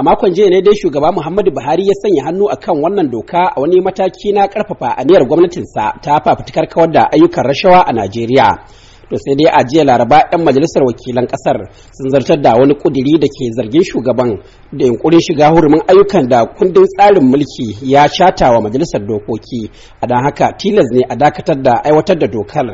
A makon jiya ne dai shugaba Muhammadu Buhari ya sanya hannu akan wannan doka a wani mataki na karfafa aniyar gwamnatinsa ta fafutukar kawar da ayyukan rashawa a Najeriya. to sai dai a jiya laraba 'yan majalisar wakilan kasar sun zartar da wani kudiri da ke zargin shugaban da yunkurin shiga hurumin ayyukan da kundin tsarin mulki ya shata wa majalisar dokoki a don haka tilas ne a dakatar da aiwatar da dokar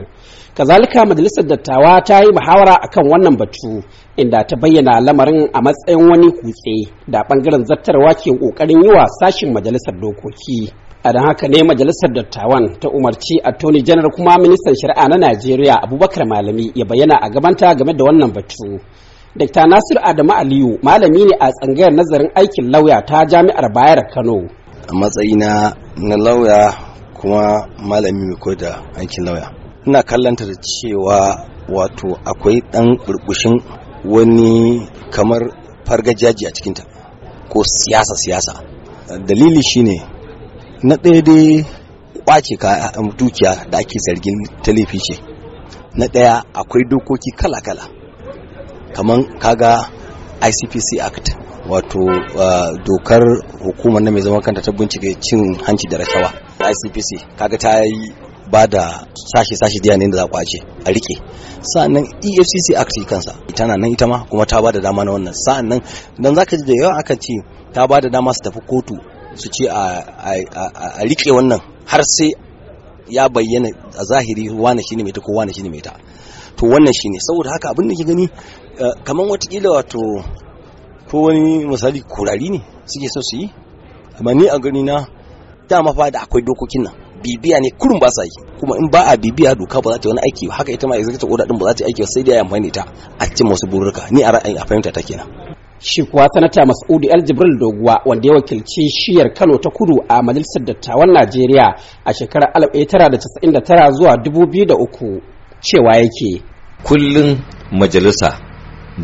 kazalika majalisar dattawa ta yi muhawara kan wannan batu inda ta bayyana lamarin a matsayin wani kutse da bangaren zartarwa ke ƙoƙarin yi wa sashin majalisar dokoki a don haka ne majalisar dattawan ta umarci attorney general kuma ministan shari'a na najeriya abubakar malami ya bayyana a gabanta game da wannan batu dr nasiru adamu aliyu malami ne a tsangayar nazarin aikin lauya ta jami'ar bayar kano a matsayina na lauya kuma malami mai koyar da aikin lauya ina kallanta da cewa wato akwai dan burbushin wani kamar fargajaji a cikinta ko siyasa siyasa dalili shine na ɗaya dai kwace um, dukiya da ake zargin ta laifi ce na ɗaya akwai dokoki kala-kala kamar kaga icpc act wato uh, dokar hukumar na mai zaman kanta ta bincike cin hanci da rashawa icpc kaga ta yi ba da sashe-sashe da yanayin da za a kwace a rike sa'annan efcc act kansa ita na nan ita ma kuma ta ba da dama na wannan sa'annan za ka ji da yawa akan ce ta ba da dama su tafi kotu su ce a rike wannan har sai ya bayyana a zahiri wane shine mai ta ko wane shine mai ta to wannan shine saboda haka abin da ke gani eh, kamar watakila wato ko wani misali kurari ne suke so su yi amma ni a gani na dama fa da akwai dokokin nan bibiya ne kurun ba sa yi kuma in ba a bibiya doka ba za ta wani aiki haka ita ma executive order din ba za ta aiki sai dai ya amfani ta a cikin wasu bururka ni a ra'ayin a fahimta ta kenan shi kuwa sanata mas'udi aljibril doguwa wanda ya wakilci shiyar kano ta kudu a majalisar dattawan najeriya a shekarar 1999 zuwa uku, cewa yake kullum majalisa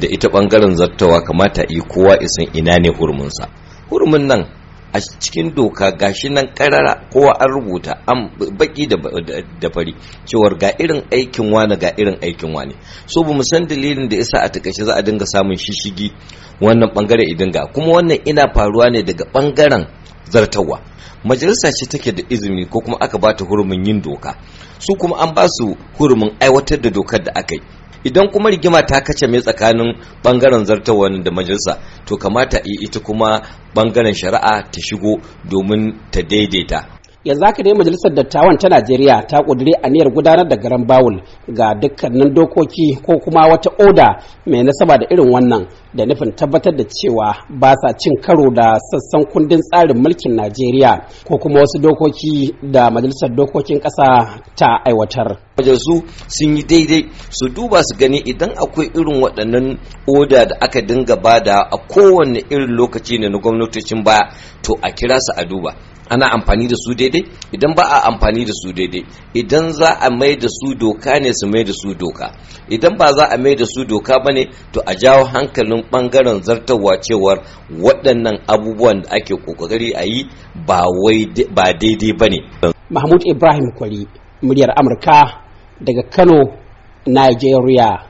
da ita ɓangaren zattawa kamata yi kowa isan ina ne hurminsa hurmin nan a cikin doka gashi nan karara kowa an rubuta an baki da fari cewa, ga irin aikin wani ga irin aikin wani so ba mu san dalilin da yasa a takaice za a dinga samun shishigi wannan bangare idan ga kuma wannan ina faruwa ne daga bangaren zartawa majalisa ce take da izini ko kuma aka bata hurumin yin doka su kuma an ba su hurumin aiwatar da dokar da aka yi idan kuma rigima ta kace mai tsakanin bangaren zartawan da majalisa to kamata yi ita kuma bangaren shari'a ta shigo domin ta daidaita yanzu haka dai majalisar dattawan ta najeriya ta ƙudiri aniyar gudanar da garan bawul ga dukkanin dokoki ko kuma wata oda mai nasaba da irin wannan da nufin tabbatar da cewa ba sa cin karo da sassan kundin tsarin mulkin najeriya ko kuma wasu dokoki da majalisar dokokin ƙasa ta aiwatar majalisu sun yi daidai su duba su gani idan akwai irin waɗannan oda da aka dinga bada a kowane irin lokaci ne na gwamnatocin baya to a kira su a duba ana amfani da su daidai idan ba a amfani da su daidai idan za a mai da su doka ne su mai da su doka idan ba za a mai da su doka ba ne to a jawo hankalin wajen bangaren zartarwa cewar waɗannan abubuwan da ake kokari a yi ba daidai ba ne. mahmud ibrahim kwari muryar amurka daga kano nigeria